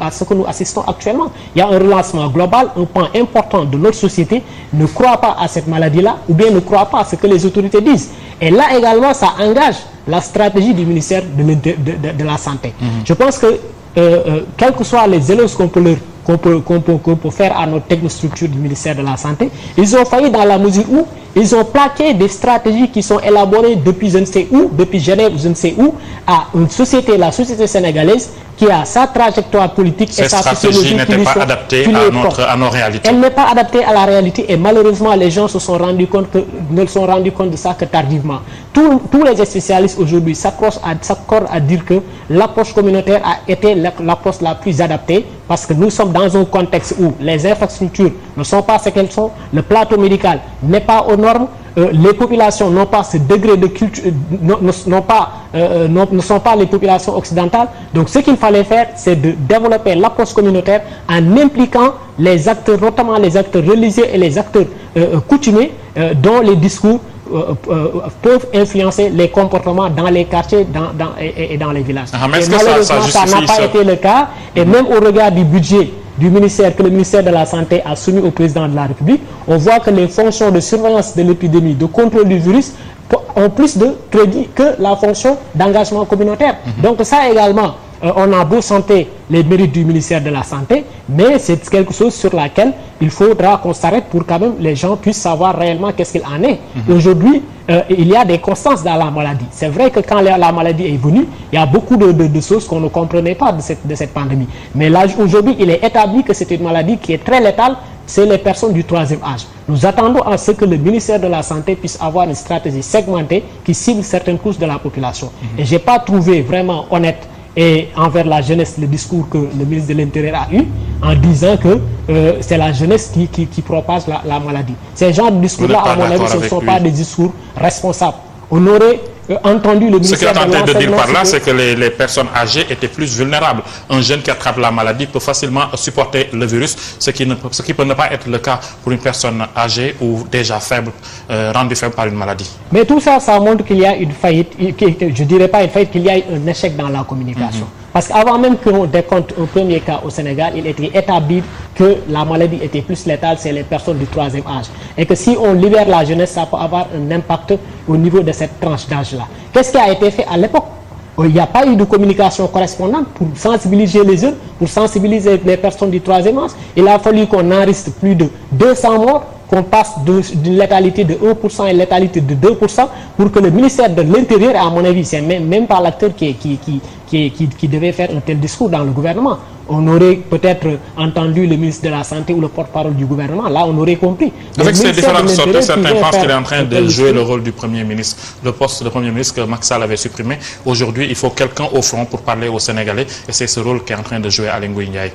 à ce que nous assistons actuellement. Il y a un relancement global, un point important de notre société ne croit pas à cette maladie-là ou bien ne croit pas à ce que les autorités disent. Et là également, ça engage la stratégie du ministère de, la Santé. Mhm. Je pense que, euh, euh quels que soient les éloges qu'on peut qu'on peut, peut, faire à notre technostructure du ministère de la Santé. Ils ont failli dans la mesure où ils ont plaqué des stratégies qui sont élaborées depuis je ne sais où, depuis Genève, je ne sais où, à une société, la société sénégalaise, qui a sa trajectoire politique et sa stratégie n'était pas adaptée à, notre, nos réalités. Elle n'est pas adaptée à la réalité et malheureusement, les gens se sont rendus compte que, ne se sont rendus compte de ça que tardivement. Tous, les spécialistes aujourd'hui s'accordent à, à dire que l'approche communautaire a été l'approche la plus adaptée parce que nous sommes dans un contexte où les infrastructures ne sont pas ce qu'elles sont, le plateau médical n'est pas aux normes, euh, les populations n'ont pas ce degré de culture, euh, pas, euh, ne sont pas les populations occidentales. Donc ce qu'il fallait faire, c'est de développer l'approche communautaire en impliquant les acteurs, notamment les acteurs religieux et les acteurs coutumiers, dont les discours peuvent influencer les comportements dans les quartiers et, dans les villages. Ah, malheureusement, ça n'a pas été le cas. Et mm-hmm. même au regard du budget du ministère que le ministère de la Santé a soumis au président de la République, on voit que les fonctions de surveillance de l'épidémie, de contrôle du virus, ont plus de crédit que la fonction d'engagement communautaire. Mhm. Donc ça également, euh, on a beau santé les mérites du ministère de la Santé, mais c'est quelque chose sur laquelle il faudra qu'on s'arrête pour quand même les gens puissent savoir réellement qu'est-ce qu'il en est. Mhm. Aujourd'hui, euh, il y a des constances dans la maladie. C'est vrai que quand la, maladie est venue, il y a beaucoup de, de, choses qu'on ne comprenait pas de cette, pandémie. Mais aujourd'hui, il est établi que c'est une maladie qui est très létale, c'est les personnes du troisième âge. Nous attendons à ce que le ministère de la Santé puisse avoir une stratégie segmentée qui cible certaines couches de la population. Mhm. Et je n'ai pas trouvé vraiment honnête et envers la jeunesse le discours que le ministre de l'Intérieur a eu en disant que euh, c'est la jeunesse qui, qui, propage la, maladie. Ces genres de discours-là, à mon avis, ce ne sont pas des discours responsables. On euh, entendu le Ce qu'il a de, dire par là, c'est que les, personnes âgées étaient plus vulnérables. Un jeune qui attrape la maladie peut facilement supporter le virus, ce qui, ne, ce qui peut ne pas être le cas pour une personne âgée ou déjà faible, euh, rendue faible par une maladie. Mais tout ça, ça montre qu'il y a une faillite, je ne dirais pas une faillite, qu'il y a un échec dans la communication. Parce qu'avant même qu'on décompte un premier cas au Sénégal, il était établi que la maladie était plus létale chez les personnes du troisième âge. Et que si on libère la jeunesse, ça peut avoir un impact au niveau de cette tranche d'âge-là. Qu'est-ce qui a été fait à l'époque euh, il n'y a pas eu de communication correspondante pour sensibiliser les jeunes, pour sensibiliser les personnes du troisième âge. Il a fallu qu'on enregistre plus de 200 morts qu'on passe d'une létalité de 1% à une létalité de 2% pour que le ministère de l'Intérieur, à mon avis, c'est même, même pas l'acteur qui, devait faire un tel discours dans le gouvernement. On aurait peut-être entendu le ministre de la Santé ou le porte-parole du gouvernement. Là, on aurait compris. Avec ces différentes certains pensent qu'il est en train de jouer le rôle du Premier ministre. Le poste de Premier ministre que Maxal avait supprimé, aujourd'hui, il faut quelqu'un au front pour parler aux Sénégalais. Et c'est ce rôle qu'est en train de jouer Alain Ndiaye.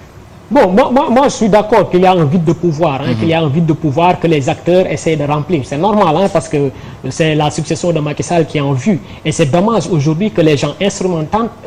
Bon, moi, moi, je suis d'accord qu'il y a un vide de pouvoir, hein, qu'il y a un mhm. vide de pouvoir que les acteurs essaient de remplir. C'est normal, hein, parce que c'est la succession de Macky Sall qui est en vue. Et c'est dommage aujourd'hui que les gens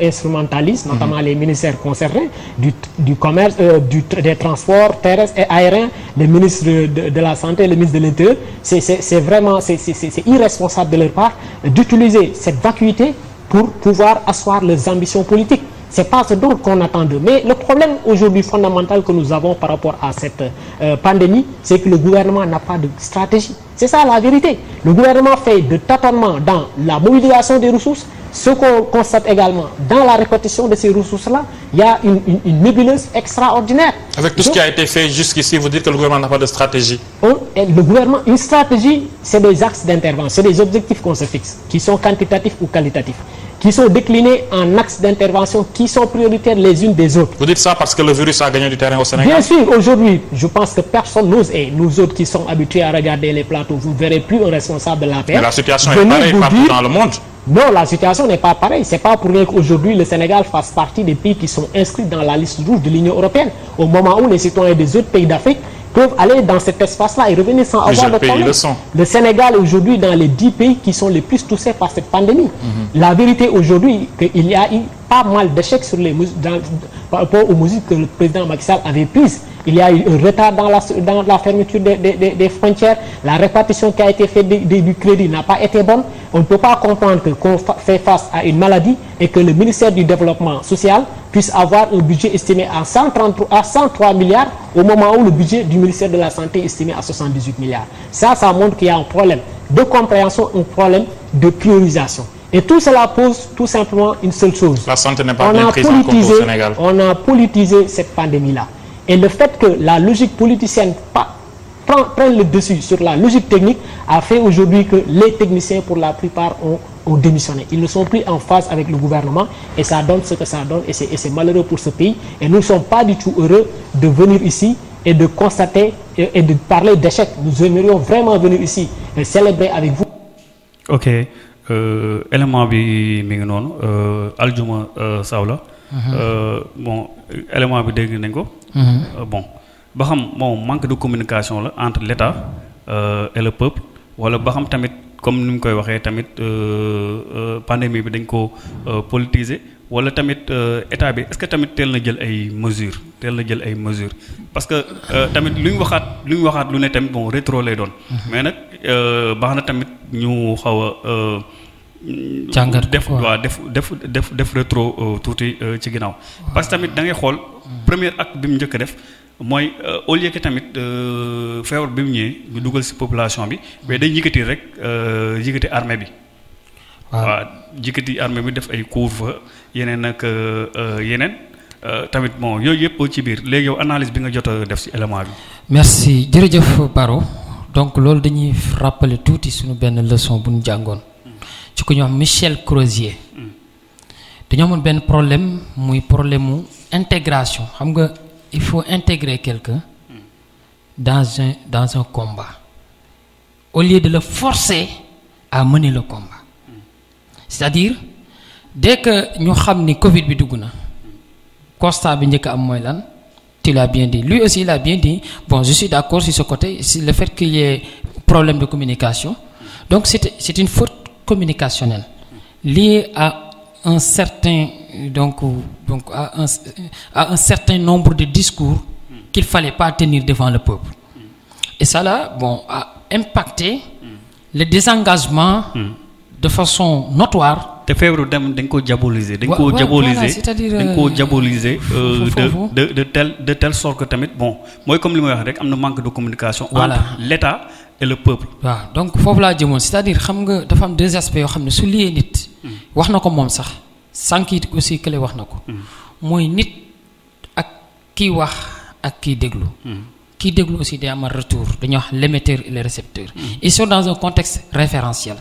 instrumentalisent, notamment mhm. les ministères concernés, du, commerce, euh, du, des transports terrestres et aériens, les ministres de, la Santé, les ministres de l'Intérieur. C'est vraiment c'est irresponsable de leur part d'utiliser cette vacuité pour pouvoir asseoir leurs ambitions politiques. Ce n'est pas ce dont on attend Mais le problème aujourd'hui fondamental que nous avons par rapport à cette euh, pandémie, c'est que le gouvernement n'a pas de stratégie. C'est ça la vérité. Le gouvernement fait de tâtonnements dans la mobilisation des ressources. Ce qu'on constate également, dans la répartition de ces ressources-là, il y a une, nébuleuse extraordinaire. Avec tout ce qui a été fait jusqu'ici, vous dites que le gouvernement n'a pas de stratégie. le gouvernement, une stratégie, c'est des axes d'intervention, c'est des objectifs qu'on se fixe, qui sont quantitatifs ou qualitatifs qui sont déclinés en axes d'intervention qui sont prioritaires les unes des autres. Vous dites ça parce que le virus a gagné du terrain au Sénégal Bien sûr, aujourd'hui, je pense que personne n'ose, et nous autres qui sommes habitués à regarder les plateaux, vous ne verrez plus un responsable de la paix. Mais la situation est pareille partout dans le monde. Non, la situation n'est pas pareille. C'est pas pour rien qu'aujourd'hui le Sénégal fasse partie des pays qui sont inscrits dans la liste rouge de l'Union européenne. Au moment où les citoyens des autres pays d'Afrique peuvent aller dans cet espace-là et revenir sans avoir de problème. Le, Sénégal aujourd'hui dans les 10 pays qui sont les plus touchés par cette pandémie. Mhm. La vérité aujourd'hui, qu'il y a eu pas mal d'échecs sur les dans, par rapport aux mesures que le président Macky Sall avait prises. Il y a eu un retard dans la, dans la fermeture des, frontières. La répartition qui a été faite du, crédit n'a pas été bonne. On ne peut pas comprendre qu'on fait face à une maladie et que le ministère du Développement social puisse avoir un budget estimé à, 130 à 103 milliards au moment où le budget du ministère de la Santé est estimé à 78 milliards. Ça, ça montre qu'il y a un problème de compréhension, un problème de priorisation. Et tout cela pose tout simplement une seule chose. La santé n'est pas on bien a prise politisé, au Sénégal. On a politisé cette pandémie-là. Et le fait que la logique politicienne prenne le dessus sur la logique technique a fait aujourd'hui que les techniciens, pour la plupart, ont démissionné. Ils ne sont plus en phase avec le gouvernement et ça donne ce que ça donne et c'est malheureux pour ce pays. Et nous ne sommes pas du tout heureux de venir ici et de constater et, de parler d'échec. Nous aimerions vraiment venir ici et célébrer avec vous. Ok. Euh, élément bi mi ngi noonu euh, aljuma euh, saw mhm. bon élément bi dégg nañ ko mhm. bon ba xam moom manque de communication la entre l' état et le peuple wala ba xam tamit comme ni mu koy waxee tamit pandémie bi dañ ko politiser wala tamit euh, état bi est-ce que tamit teel na jël ay mesures teel na jël ay mesures parce que euh, tamit lu ñu waxaat lu ñu waxaat lu ne tamit bon rétro lay doon. Mhm. mais nag euh, baax na tamit ñu xaw a. jàngat def waaw def def def def rétro tuuti ci ginnaaw. parce que tamit da ngay xool. Mhm. premier ak bi mu njëkk a def. mooy au lieu que tamit feebar bi mu ñëwee ñu dugal si population bi mais day yëkkati rek yëkkati armée bi. waaw jëkkati armée bi def ay couvre yeneen ak euh, euh, yeneen euh, tamit bon yooyu yëpp ci bir léegi yow analyse bi nga jotta def ci élément bi. merci jërëjëf Baro donc loolu dañuy rappeler touti suñu ben leçon bu jangone ci ku ñom Michel Crozier. Mm. dañu amoon ben problème muy problème intégration xam nga il faut intégrer quelqu'un mm. dans un dans un combat au lieu de le forcer à mener le combat c'est-à-dire dès que savons que le Covid bi tu l'as bien dit lui aussi il a bien dit bon je suis d'accord sur ce côté le fait qu'il y ait problème de communication donc c'est une faute communicationnelle liée à un certain donc donc un certain nombre de discours qu'il fallait pas tenir devant le peuple et ça bon a impacté le désengagement mm de façon notoire. te feebaru dem dañ ko diaboliser. dañ ko diaboliser c'est-à-dire dañ euh, diaboliser. Euh, de de de telle de telle sorte que tamit bon moi comme limay wax rek amna manque de communication. voilà entre l'État et le peuple. donc fofu la jëmoon c'est-à-dire xam nga dafa am deux aspects yo xamné ne su liyee nit. Mm. wax nako mom sax Sanki aussi que wax nako. ko. Mm. mooy nit ak ki wax ak ki déglu. Mm. Ki déglu aussi day un retour dañ wax l'émetteur et le récepteur. ils sont dans un contexte référentiel.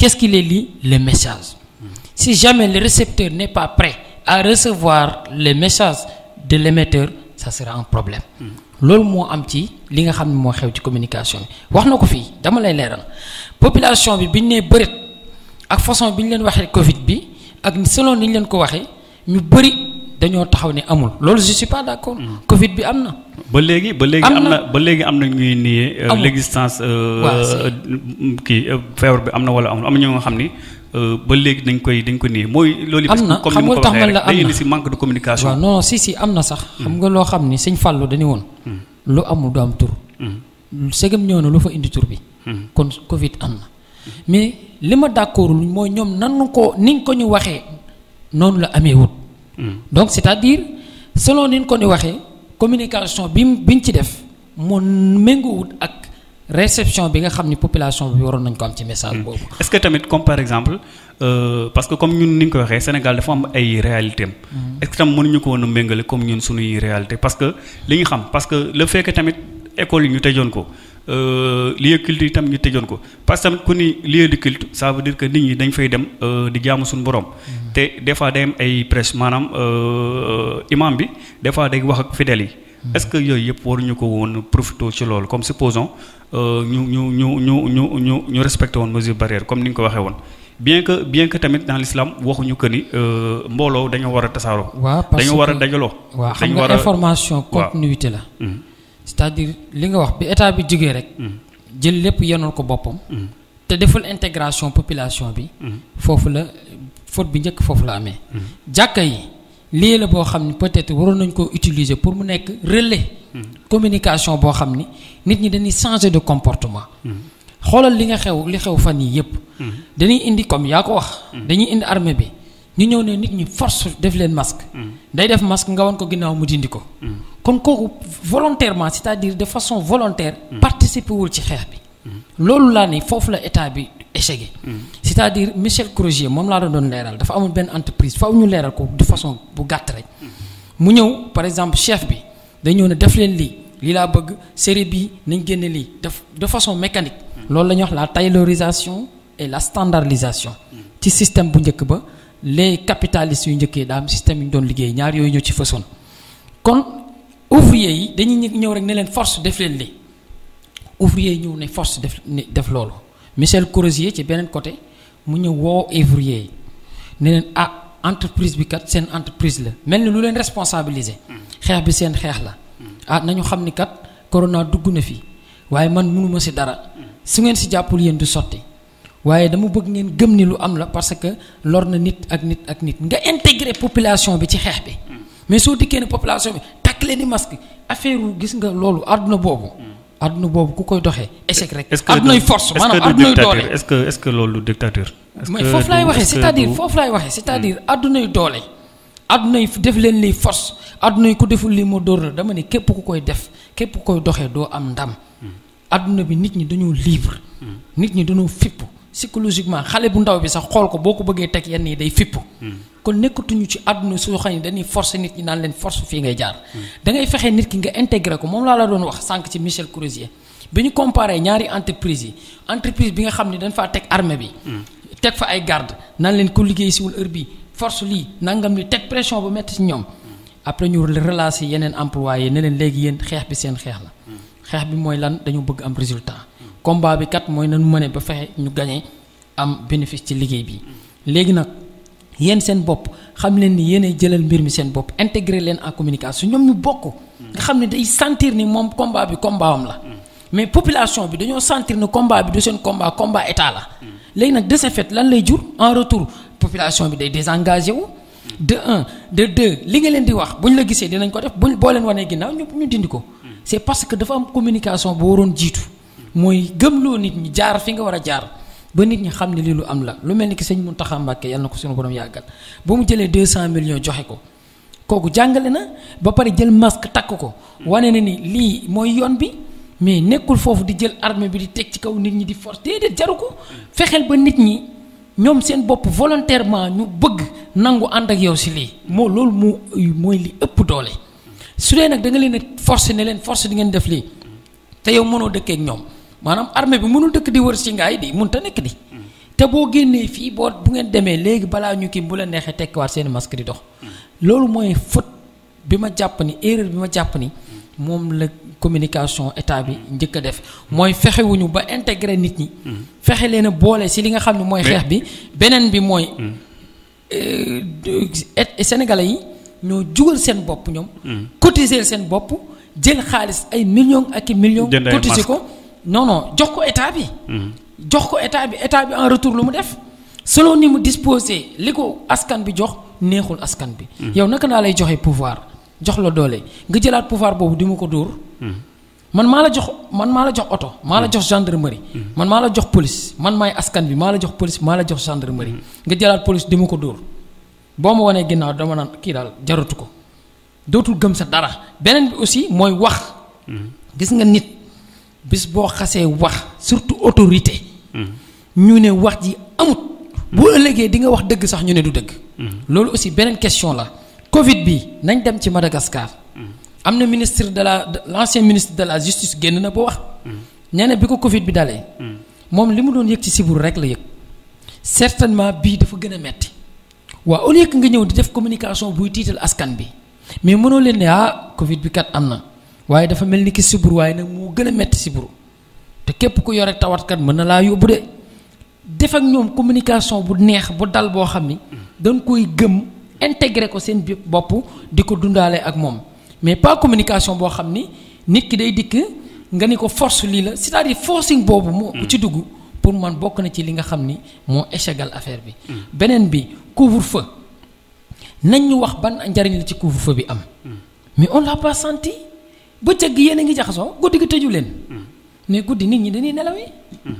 Qu'est-ce qui les messages? Si jamais le récepteur n'est pas prêt à recevoir les messages de l'émetteur, ça sera un problème. C'est ce am ci li nga la communication La population bi biñ nee de ak façon Covid bi selon ni ñu ko waxee ñu bëri dañoo taxaw ne je suis pas d'accord Covid bi ba léegi ba léegi am na ba léegi am na ñuy nier euh, l'existence euh, euh, kii feebar bi am na wala amul am na ñoo nga xam ni ba léegi dañ koy dañ ko nier mooy loolu am na comme ni ma ko waxee rek day indi si manque de communication waaw non si si am na sax hmm. xam nga loo xam ni sëñ Fallou dañu woon hmm. lu amul du am tur hmm. segam ñëw na lu fa indi tur bi kon covid am na mais li ma d'accordul mooy ñoom nanu ko niñ ko ñu waxee noonu la amee wut donc c'est-à-dire selon niñ ko ñu waxee communication bi bi ñu ci def moo méngoowut ak réception bi nga xam ni population bi waroon nañ ko am ci message hmm. boobu. est-ce que tamit comme par exemple euh, parce que comme ñun ni ñu ko waxee Sénégal dafa am ay réalité am. Hmm. est-ce que tam mënuñu ko woon méngale comme ñun suñuy réalité parce que li ñu xam parce que le fait tamit école yi ñu tëjoon ko. Euh, lieu culte yi tamit ñu tejoon ko parce que tamit ku ni lieu de culte ça dire que nit ñi dañ fay dem euh, di jaamu suñu borom. Mm-hmm. te des fois day am ay presse maanaam euh, imam bi des fois day wax ak fidèles yi. Mm-hmm. est que yooyu yëpp waruñu ko woon profité ci loolu comme supposons ñu ñu ñu ñu ñu ñu ñu respecté woon mesure barrière comme ni nga ko waxee woon. bien que bien que tamit dans l'islam waxuñu que ni mbooloo dañoo war a tasaaroo. waaw parce war a dajaloo. dañu war a waaw xam nga information continuité la. Mm-hmm. c'est-à-dire li nga wax bi état bi jógee rek. Mm. jël lépp yenul ko boppam. Mm. te deful intégration population bi. Mm. foofu la faute bi njëkk foofu la amee. jàkka yi lii la boo xam ne peut-être waroon nañ ko utiliser pour mu nekk relais. communication boo xam ni nit ñi dañuy changer de comportement. xoolal li nga xew li xew fan yii yëpp. dañuy indi comme yaa ko wax. dañuy indi armée bi ñu ñëw ne nit ñi force def leen masque. day def masque nga won ko ginnaaw mu dindi ko kon kooku volontairement c'est-à-dire de façon volontaire participer wul ci xeex bi loolu laa ne foofu la état bi échec c'est-à-dire Michel Crozier moom laa doon doon leeral dafa amul benn entreprise faw ñu leeral ko de façon bu gàtt rek mu ñëw par exemple chef bi day ñëw ne def leen lii lii laa bëgg série bii nañ génne lii def de façon mécanique loolu la ñuy wax la taylorisation et la standardisation ci système bu njëkk ba les capitalistes yu njëkkee daa am système yu ñu doon liggéey ñaar yooyu ñoo ci fësoon kon Ouvriers, ouvriers, dañuy ñëw rek force def leen li force Michel Corosier, ci côté mu ñëw woo une ah, entreprise bi kat seen entreprise la mel lu responsabiliser mm. bi la mm. ah nañu corona fi dara mm. su ngeen du dama bëgg la parce que lor na nit ak nit ak intégrer population bi ci bi mais soo population takk leen di masque affaire gis nga loolu àdduna boobu. Hmm. àdduna boobu ku koy doxee échec rek. àddunay force maanaam àddunay doole est-ce que est-ce que loolu dictature. est-ce que foofu laay waxee c'est-à-dire foofu hmm. def leen lii force àddunay ku deful lii moo dóor la dama ne képp ku koy def képp ku koy doxee doo am ndam. Hmm. àdduna bi nit ñi dañoo libre. nit ñi dañoo fipp. psychologiquement xale bu ndaw bi sax xool ko boo ko bëggee teg yenn yi day fipp hmm. kon nekkatuñu ci àdduna soo xam ne dañuy forcer nit ñi naan leen force fii ngay jaar hmm. da ngay nit ki nga intégré ko moom laa la doon wax sànq ci Michel Crozier bi ñu comparé ñaari entreprise yi entreprise bi nga xam ne dañ faa teg armée bi hmm. teg fa ay garde naan leen ko liggéey siwul heure bi force lii nangam li teg pression bu métti ci ñoom après ñu relâché yeneen employé ne leen léegi yéen xeex bi seen xeex la xeex bi mooy lan dañu bëgg am résultat combat bi kat mooy nañu mëne ba fexe ñu gagné am bénéfice ci liggéey bi léegi nag yéen seen bopp xam leen ni yéenay jëlal mbir mi seen bopp intégrer leen en communication ñoom ñu bokk nga xam ne day sentir ni moom combat bi combat am la mais population bi dañoo sentir ne combat bi du seen combat combat état la léegi nag de ce fait lan lay jur en retour population bi day désengagé wu de un de deux li nga leen di wax buñ la gisee dinañ ko def buñ boo leen wanee ginnaaw ñu ñu dindi ko c'est parce que dafa am communication bu waroon jiitu mooy gëmloo nit ñi jaar fi nga war a jaar ba nit ñi xam ne li lu am la lu mel ni ki sëñ Muntaxa Mbàkke yàlla ko suñu borom yàggal ba mu jëlee 200 millions joxe ko kooku jàngale na ba pare jël masque takk ko wane na ni lii mooy yoon bi mais nekkul foofu di jël armée bi di teg ci kaw nit ñi di force déedéet jaru ko fexeel ba nit ñi ñoom seen bopp volontairement ñu bëgg nangu ànd ak yow si lii moo loolu mu mooy li ëpp doole su dee nag da nga leen a force ne leen force di ngeen def lii te yow mënoo ñoom maanaam armée bi mënul dëkk di wër si ngaay di mënut a nekk di. te boo génnee fii boo bu ngeen demee léegi balaa ñu kii bu la neexee tekkiwaat seen masque di dox. loolu mooy faute bi ma jàpp ni erreur bi ma jàpp ni. moom la communication état bi njëkk a def mooy fexewuñu ba intégrer nit ñi. fexe leen a boole si li nga xam ne mooy xeex bi. beneen bi mooy. Euh, sénégalais yi ñoo jugal seen bopp ñoom. Hmm. cotiser seen bopp jël xaalis ay million ak i millions. cotiser ko non non jox ko état bi. jox ko état bi état bi en retour lu mu def selon ni mu disposé li ko askan bi jox neexul askan bi. Mm-hmm. yow naka naa lay joxe pouvoir jox la doole nga jëlaat pouvoir boobu di ma ko dóor. Mm-hmm. man maa la jox man maa la jox oto maa la mm-hmm. jox gendarmerie. man maa la jox police man maay askan bi maa la jox police maa la jox gendarmerie. nga jëlaat police di ma ko dóor boo ma wanee ginnaaw dama naan kii daal jaratu ko dootul gëm sa dara beneen bi aussi mooy wax. gis nga nit. bis boo xasee wax surtout autorité. ñu ne wax ji amut. bu ëllëgee di nga wax dëgg sax ñu ne du dëgg. loolu aussi beneen question la Covid bi nañ dem ci Madagascar. am na ministre de la l' ancien ministre de la justice génn na ba wax. nee bi ko Covid bi dalee. moom li mu doon yëg ci sibur rek la yëg. certainement bii dafa gën a metti waaw au lieu nga ñëw di def communication buy tiital askan bi mais mënoo leen ne ah Covid bi kat am na. waaye dafa mel ni ki siburu waaye nag moo gën a metti siburu te képp ku yore tawatkat mën na laa yóbbu de def ak ñoom communication bu neex bu dal boo xam ni dañ koy gëm intégré ko seen bopp di ko dundaale ak moom mais pas communication boo xam ni nit ki day dikk nga ni ko force lii la c'est-à-dire forcing boobu moo mm. ci dugg pour man bokk na ci li nga xam ni moo échegal affaire bi beneen bi couvre-feu nañ ñu wax ban njariñ la ci couvre-feu bi am mm. mais bëccëg gi yéen a ngi jaxasoo guddi gi tëju leen mm. mais guddi nit ñi dañuy nelaw yi mm.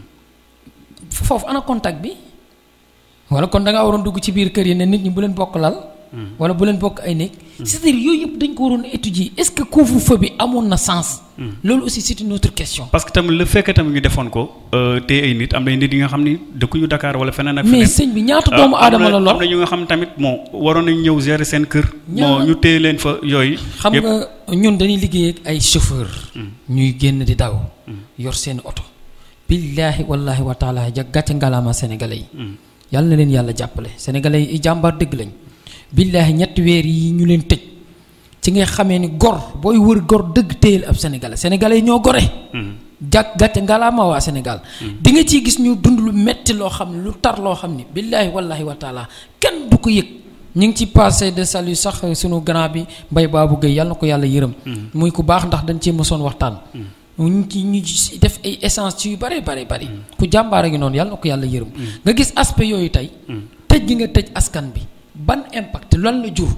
foofu ana contact bi wala kon da ngaa waroon dugg ci biir kër yi ne nit ñi bu leen bokk lal wala bu leen bokk ay nekk. c'est-à-dire yooyu yëpp dañ ko waroon étudier est-ce que couvre-feu bi amoon na sens. loolu aussi c'est une autre question. parce que tamit le fekkee tamit ñu defoon ko. Euh, te ay nit am na nit yi nga xam ni ñu dakaar wala feneen ak. feneen mais sëñ bi ñaata doomu ah, aadama la lor am na waroon nañ ñëw gérer seen kër. bon ñu téye leen fa yooyu. xam nga ñun dañuy liggéey ak ay chauffeurs. Hmm. ñuy génn di daw. Hmm. yor seen oto. billaahi wallaahi wa taala ja gàcce ngalaama sénégalais yi. Hmm. yàlla na leen yàlla jàppale sénégalais billaahi ñetti weer yi ñu leen tëj ci nga xamee ni gor booy wër gor dëgg téyel ab sénégalais sénégalais yi ñoo gore mm-hmm. jàkk gàcce ngalaama waa sénégal mm-hmm. di nga ciy gis ñu dund lu metti loo xam ne lu tar loo xam ni billaahi wallaahi wa taala kenn du ko yëg ñu ngi ci passé de salut sax sunu grand bi Mbaye Babou Gueye yàlla na ko yàlla yërëm mm-hmm. muy ku baax ndax dañ ci mosoon waxtaan ñu ci ñu def ay essence ci yu bare bare bëri ku jàmbaar a ngi noonu yàlla na ko yàlla yërëm nga gis aspect yooyu tey nga tëj askan bi ban impact lan la jur.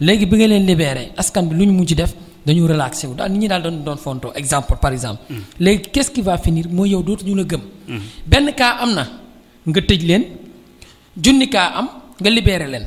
léegi bi nga leen libéré askan bi lu ñu mujj def dañu relaxé wu daal nit ñi daal doon doon fontoo exemple par exemple. Mm. léegi qu'est-ce qui va finir mooy yow ñu la gëm. Mm. benn cas am na nga tëj leen junni cas am nga libéré leen.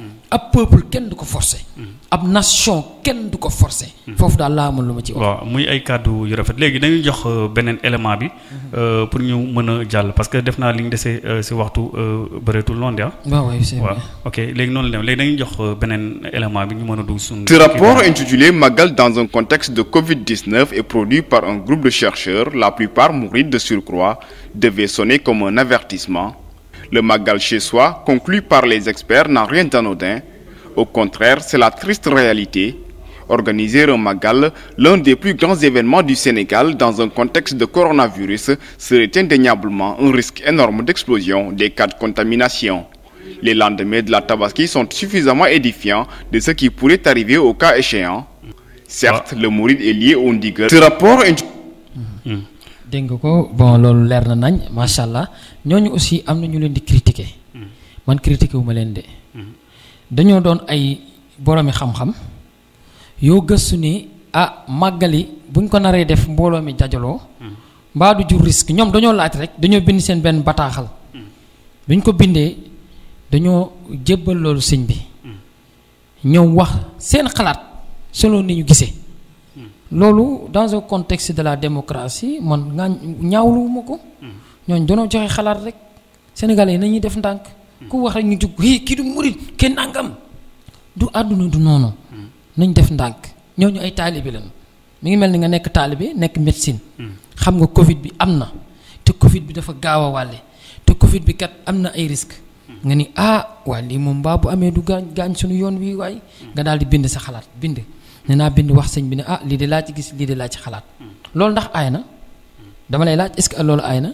ab peuple kenn du ko forcé ab nation kenn du ko forcé foofu daal laa amoon lu ma ci wax. waaw muy ay kàddu yu rafet léegi jox euh, beneen élément bi. Mhm. Euh, pour ñu mën a jàll parce que def naa li ñu desee euh, si waxtu bëreetul noonu de ah. waaw waaw ok léegi noonu la dem léegi dañuy jox beneen élément bi ñu mën a dugg suñu. ce rapport intitulé Magal dans un contexte de Covid-19 est produit par un groupe de chercheurs la plupart mourides de surcroît devait sonner comme un avertissement. Le Magal chez soi, conclu par les experts, n'a rien d'anodin. Au contraire, c'est la triste réalité. Organiser un Magal, l'un des plus grands événements du Sénégal dans un contexte de coronavirus, serait indéniablement un risque énorme d'explosion des cas de contamination. Les lendemains de la Tabaski sont suffisamment édifiants de ce qui pourrait arriver au cas échéant. Certes, le mourir est lié au Ndiger. Ce rapport... Est... bon ñooñu aussi am na ñu leen di critiquer mm-hmm. man critiquer wu ma leen de mm-hmm. dañoo doon ay boroomi xam-xam yoo gëstu ni ah màggali buñ ko naree def mbooloo mi dajaloo mm-hmm. mbaa du jur risque ñoom dañoo laaj rek dañoo bind seen benn bataaxal buñ ko bindee dañoo jébbal loolu sëñ bi ñoom wax seen xalaat selon ni ñu gisee loolu dans un contexte de la démocratie man nga ñaawluwuma ko ñooñu doonoo joxe xalaat rek sénégal yi nañuy def ndànk ku wax rek ñu jug hii kii du murit kenn nangam du àdduna du noonu nañ def ndànk ñooñu ay taalibe lañu mi ngi mel ni nga nekk taalibe nekk médecine xam nga covid bi am na te covid bi dafa gaaw a wàlle te covid bi kat am na ay risque nga ni ah waa lii moom mbaa bu amee du gaañ gaañ suñu yoon wi waaye nga dal di bind sa xalaat bind ne naa bind wax sëñ bi ne ah lii de laa ci gis lii de laa ci xalaat dama lay laaj est-ce que loolu aay na.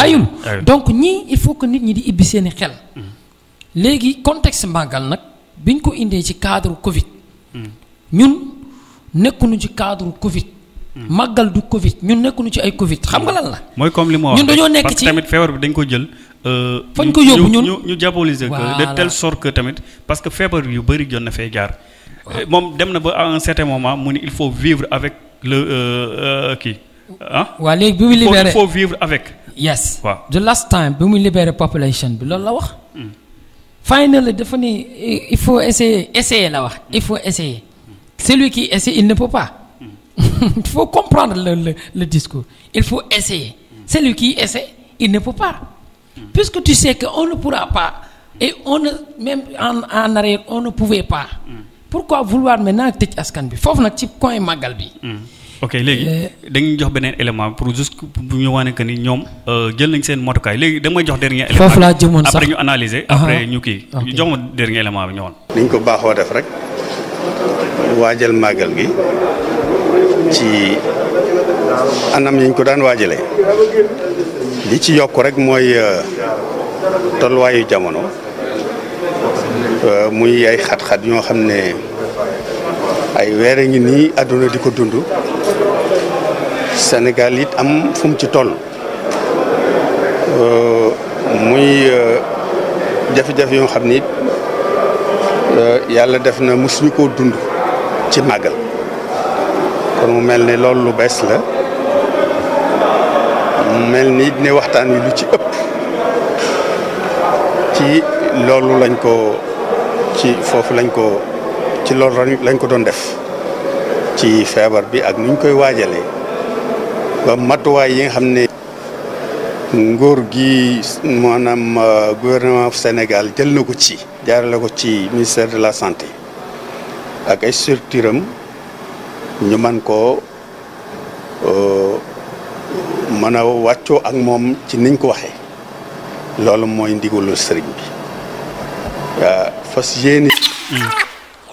aayul donc ñii il faut que nit ñi di ibbi seeni xel. léegi contexte màggal nag biñ ko indee ci cadre Covid. ñun nekkunu ci cadre Covid. màggal du Covid ñun nekkunu ci ay Covid xam nga lan la. mooy comme li ma wax ñun dañoo nekk ci tamit feebar bi dañ ko jël. Euh, fañ ko yóbbu ñun ñu ñu diaboliser que de telle sorte que tamit parce que feebar yu bëri jot na fee jaar. Euh, moom dem na ba à un certain moment mu ni il faut vivre avec le euh, kii. Hein? il faut vivre avec. yes la the last time bi libéré population bi la wax. Hmm. finally il faut essayer essayer la wax il faut essayer. celui qui essaie il ne peut pas. Hmm. il faut comprendre le, le, discours. Il faut essayer. Hmm. Celui qui essaie, il ne peut pas. Puisque tu sais qu'on ne pourra pas, et on même en, arrière, on ne pouvait pas. Pourquoi vouloir maintenant que tu bi? un Il faut que tu bi. un ok léegi eh. dañ jox beneen élément pour juste bu ñu wane que ni ñoom euh, jël nañ seen motukaay léegi dama jox dernier élément foofu laa jëmoon sax après ñu analyser après ñu kii jox ma dernier élément bi ñëwoon niñ ko baaxoo def rek waajal màggal gi ci anam yiñ ko daan waajale li ci yokk rek mooy euh, tolluwaayu jamono euh, muy ay xat-xat yoo xam ne ay weer ngi nii àdduna di ko dund Sénégal yit am fu ci toll euh, muy euh, jafe-jafe yoo xam ni euh, yàlla def na mosuñu koo dund ci màggal kon mu mel ni loolu lu bees la mel ni ne waxtaan wi lu ci ëpp ci loolu lañ ko ci foofu lañ ko ci loolu lañ ko doon def ci feebar bi ak nuñ koy waajalee Euh, matuwaay yi nga xam ne nguur gi maanaam euh, gouvernement Sénégal jël na ko ci jaarale ko ci ministère de la santé ak ay structure ñu man ko euh, mën a wàccoo ak moom ci niñ ko waxee loolu mooy ndigalu sëriñ bi fas yéene hmm.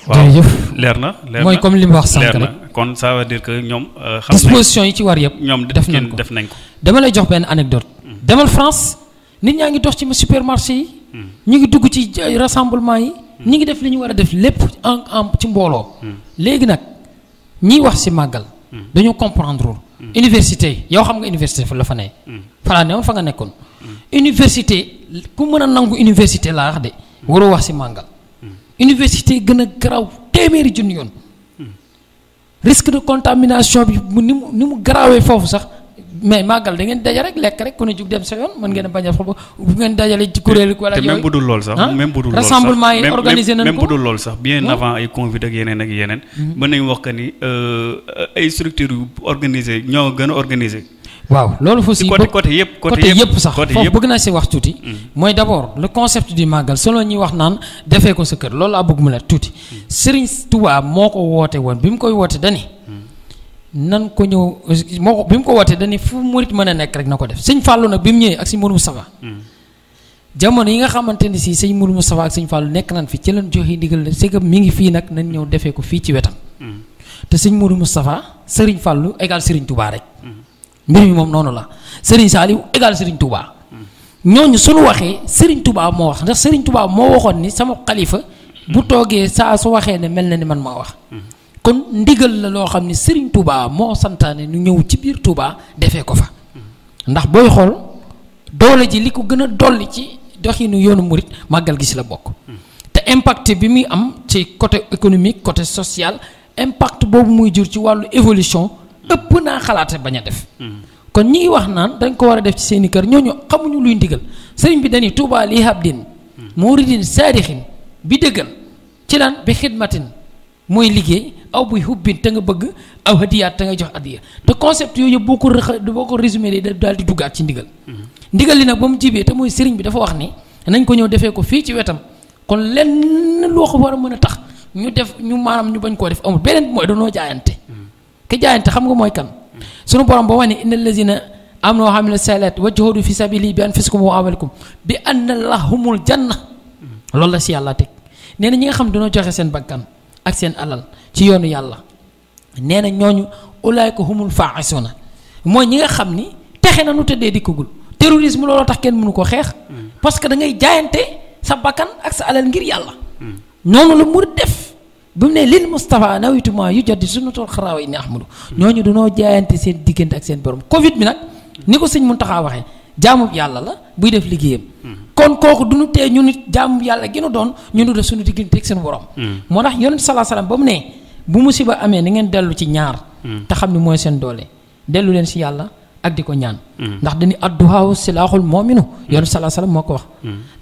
jërëjëf leer na mooy comme li mu wax sànq rek kon ça veut dire que ñoom. Euh, disposition yi ci war yëpp. ñoom def nañ ko def nañ ko. dama lay jox benn anecdote mm. demal France nit ñaa ngi dox ci supermarché yi. Mm. ñu ngi dugg ci rassemblement yi. Mm. ñu ngi def li ñu war a def lépp en en ci mbooloo. léegi nag ñiy wax si màggal. dañu comprendre université yow xam nga université fa la fa ne. falaa ne woon fa nga nekkoon. université ku mën a nangu université laa wax de. waroo wax si màggal. université gën a garaw téeméeri junni yoon risque de contamination bi mu ni mu mu garawee foofu sax mais màggal da ngeen daja rek lekk rek ku ne jug dem sa yoon mën ngeen a bañ a bu ngeen dajale ci kuréel wala yooyu te même bu dul lool sax ah? même bu dul lool sax rassemblement yi organisé lool sax bien ah? avant ay Covid ak yeneen ak yeneen mm-hmm. mën nañu wax que ni euh, ay structures yu organisé ñoo gën a organiser waaw l'olu fossi. côté côté yëpp côté yëpp sax foofu bëgg naa si wax tuuti. Mm. mooy d'abord le concept du magal selon ñi wax naan defee ko sa kër L'olu laa bëgg mu leer tuuti. Mm. Serigne Touba moo ko woote woon bi mu koy woote dani mm. nan ko ñëw moo bim bi mu ko wootee dani fu murit mën nek rek nako def sëñ Fallou nak bim mu ñëwee ak sëñ Mourou Moustapha. jamono yi nga xamante ni si sëñ Mourou Moustapha ak sëñ Fallou nek nan fi ci lañ joxe ndigal la sëgam mi ngi fi nak nañ ñëw defee ko fi ci wétam te sëñ Mourou Moustapha Serigne Fallou égal Serigne Touba rek. mbir mi moom noonu la Serigne Saliou égal Serigne Touba ñooñu suñu waxee Serigne Touba moo wax ndax Serigne Touba moo waxoon ni sama xalifa bu toogee saa su waxee ne mel na ni man maa wax kon ndigal la loo xam ne Serigne Touba moo santaane nu ñëw ci biir Touba defee ko fa ndax booy xool doole ji li ko gën a dolli ci doxinu yoonu murit màggal gi si la bokk te impact bi muy am ci côté économique côté social impact boobu muy jur ci wàllu évolution ëpp naa xalaate bañ a def hmm. kon ñi ngi wax naan dañ ko war a def ci seen i kër ñooñu xamuñu luy ndigal sëriñ bi dañuy tuubaa li habdin hmm. muridin saadixin bi dëggal ci lan bi xidmatin mooy liggéey aw buy hubbin te nga bëgg aw hadiyaat te nga jox adiya te concept yooyu yëpp boo ko boo ko résumé yi daal di duggaat ci ndigal hmm. ndigal li nag ba mu jibee te mooy sëriñ bi dafa wax ni nañ ko ñëw defee ko fii ci wetam kon lenn loo ko war a mën a tax ñu def ñu maanaam ñu bañ ki jaayante xam nga mooy kan sunu borom ba wane inna allazina amnu wa salat wajhudu fi sabili bi anfusikum wa amalikum bi anna lahumul janna lol la si yalla tek neena ñi nga xam dañu joxe seen bakkan ak seen alal ci yoonu yalla neena ñooñu ulaayka humul fa'isuna moy ñi nga xam ni texe na nu di kugul terrorisme lolo tax kenn mënu ko xex mm. parce que da ngay jaayante sa bakkan ak sa alal ngir yalla mm. noonu lu murid def bi mu ne lil Moustapha nawetu maa yu jot di suñu tool xaraawa inni ahmadu ñooñu dañoo jaayante seen diggante ak seen borom Covid bi nag. ni ko mun Mountakha waxee jaamub yàlla la buy def liggéeyam. kon kooku du ñu tee ñu nit jaamub yàlla gi doon ñu nu def suñu diggante ak seen borom. Hmm. moo tax yonent salaa salaam ba mu ne bu musiba amee na ngeen dellu ci ñaar. Hmm. te xam ne mooy seen doole dellu leen si yàlla. ak di ko ñaan. Hmm. ndax dañuy adduhaawu silaaxul moominu. yoonu salaa salaam moo ko wax.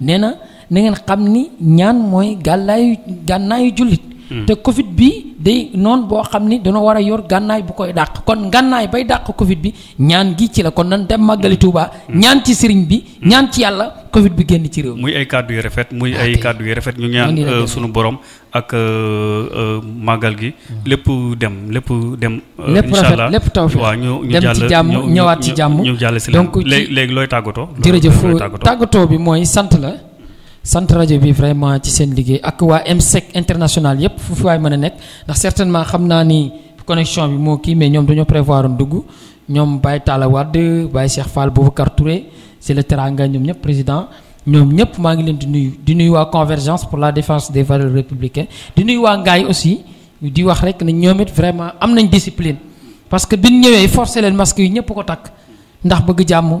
nee na na ngeen xam ni ñaan mooy gàllaayu gànnaayu jullit. Mm. te Covid bi day noon boo xam ni dana war a yor gànnaay bu koy dàq kon gànnaay bay dàq Covid bi ñaan gi ci la kon nan dem màggali mm. Touba. Mm. ñaan ci sëriñ bi. ñaan ci yàlla Covid bi génn ci réew muy ay kàddu yu rafet muy ay kàddu yu rafet ñu ñaan euh, sunu borom ak euh, euh, màggal gi. lépp dem lépp dem. incha allah lépp rafet lépp tawfeex waaw ñu ñu dem ci jàmm ñëwaat ci jàmm. ñu jàll si léegi looy tàggatoo. jërëjëf tàggatoo bi mooy sant la. sant rajo bi vraiment ci seen liggéey ak waa MSEC international yëpp fu fi waay mën a nekk ndax certainement xam naa ni connexion bi moo kii mais ñoom dañoo prévoir dugg ñoom Baye Talla Wade Baye Cheikh Fall Boubacar Touré c'est le teranga ñoom ñëpp président ñoom ñëpp maa ngi leen di nuyu di nuyu waa convergence pour la défense des valeurs républicaines di nuyu waa ngaay aussi di wax rek ne ñoom it vraiment am nañ discipline parce que biñ ñëwee forcé leen masque yi ñëpp ko takk ndax bëgg jàmm.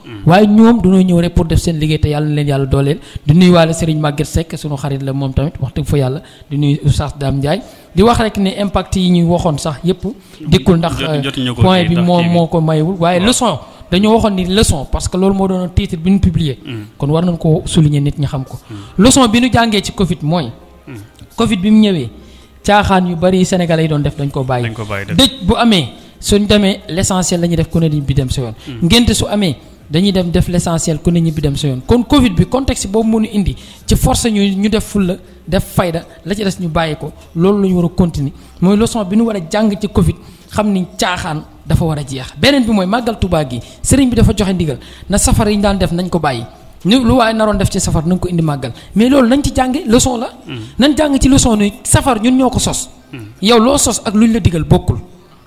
nous ñoom dañoo ñëw rek pour def seen liggéey te yàlla na leen yàlla dooleel di Serigne sunu xarit la moom tamit wax fa yàlla di nuyu Oustaz Dame di wax rek ne impact yi ñuy waxoon sax yépp dikkul ndax euh, point bi moo ko de waaye leçon de waxoon ni leçon parce que loolu moo doon titre bi publier mm. kon war nañ ko souligner nit ñi xam ko mm. leçon bi ñu ci Covid mooy mm. Covid bi mu ñëwee caaxaan yu bari Sénégalais doon def dañ ko bàyyi bu l'essentiel la ñuy def ku ne bi dem dañuy dem def l'essentiel ku ne bi dem sa yoon kon covid bi contexte boobu mënu indi ci force ñu ñu def la def fayda la ci des ñu bàyyi ko loolu la ñu war a continuer mooy leçon bi ñu war a ci covid xam ni caaxaan dafa war a jeex beneen bi mooy màggal tubaa gi sëriñ bi dafa joxe ndigal na safar yi ñu def nañ ko bàyyi ñu lu waaye naroon def ci safar nañ ko indi màggal mais loolu nañ ci jànge leçon la mm. nañ jàng ci leçon ni safar ñun ñoo ko sos mm. yow loo sos ak luñ la digal bokkul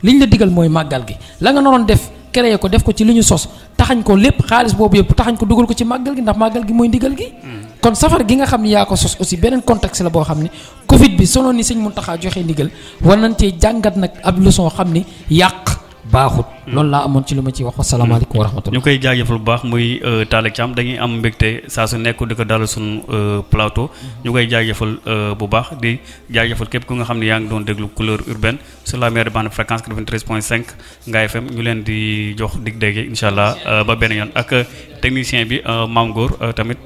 liñ la digal mooy màggal gi la nga naroon def créé ko def ko ci li ñu sos taxañ ko lépp xaalis boobu yëpp taxañ ko dugal ko ci màggal gi ndax màggal gi mooy ndigal gi kon safar gi nga xam ni yaa ko sos aussi beneen contexte la boo xam ni covid bi selon ni sëñ Muntaxa joxee ndigal war nañ cee jàngat nag ab leçon xam ni yàq baaxut Hmm. loolu laa amoon ci lu ma ci wax asalaamaaleykum hmm. wa rahmatulah. ñu koy jaajëfal bu baax muy euh, Talla Thiam dañuy am mbégte saa su nekk di ko dalal suñu euh, plateau hmm. ñu koy jaajëfal euh, bu baax di jaajëfal képp ku nga xam ne yaa ngi doon déglu couleur urbaine sur la meilleure bande fréquence 93.5 nga FM ñu leen di jox dig dégg incha allah ba benn yoon ak technicien bi Mame Gour tamit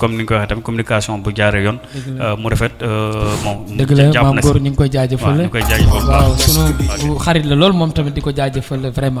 comme ni nga ko waxee tamit communication bu jaaree yoon. mu rafet moom. dëgg la Mame Gour ñu ngi koy jaajëfal waaw ñu koy jaajëfal waaw sunu xarit la lool moom tamit di ko jaajëfal vraiment.